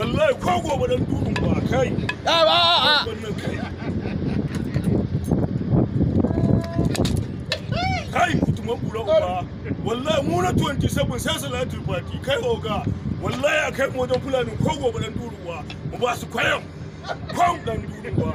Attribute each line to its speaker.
Speaker 1: wallahi ko gobe dan dubin ba kai a ba a kai kutuman kura uba wallahi mu na 27 sai salatu fati kai oga wallahi a kai mu wajen fulani ko gobe dan duruwa mu ba su kwayan kwan dan duruwa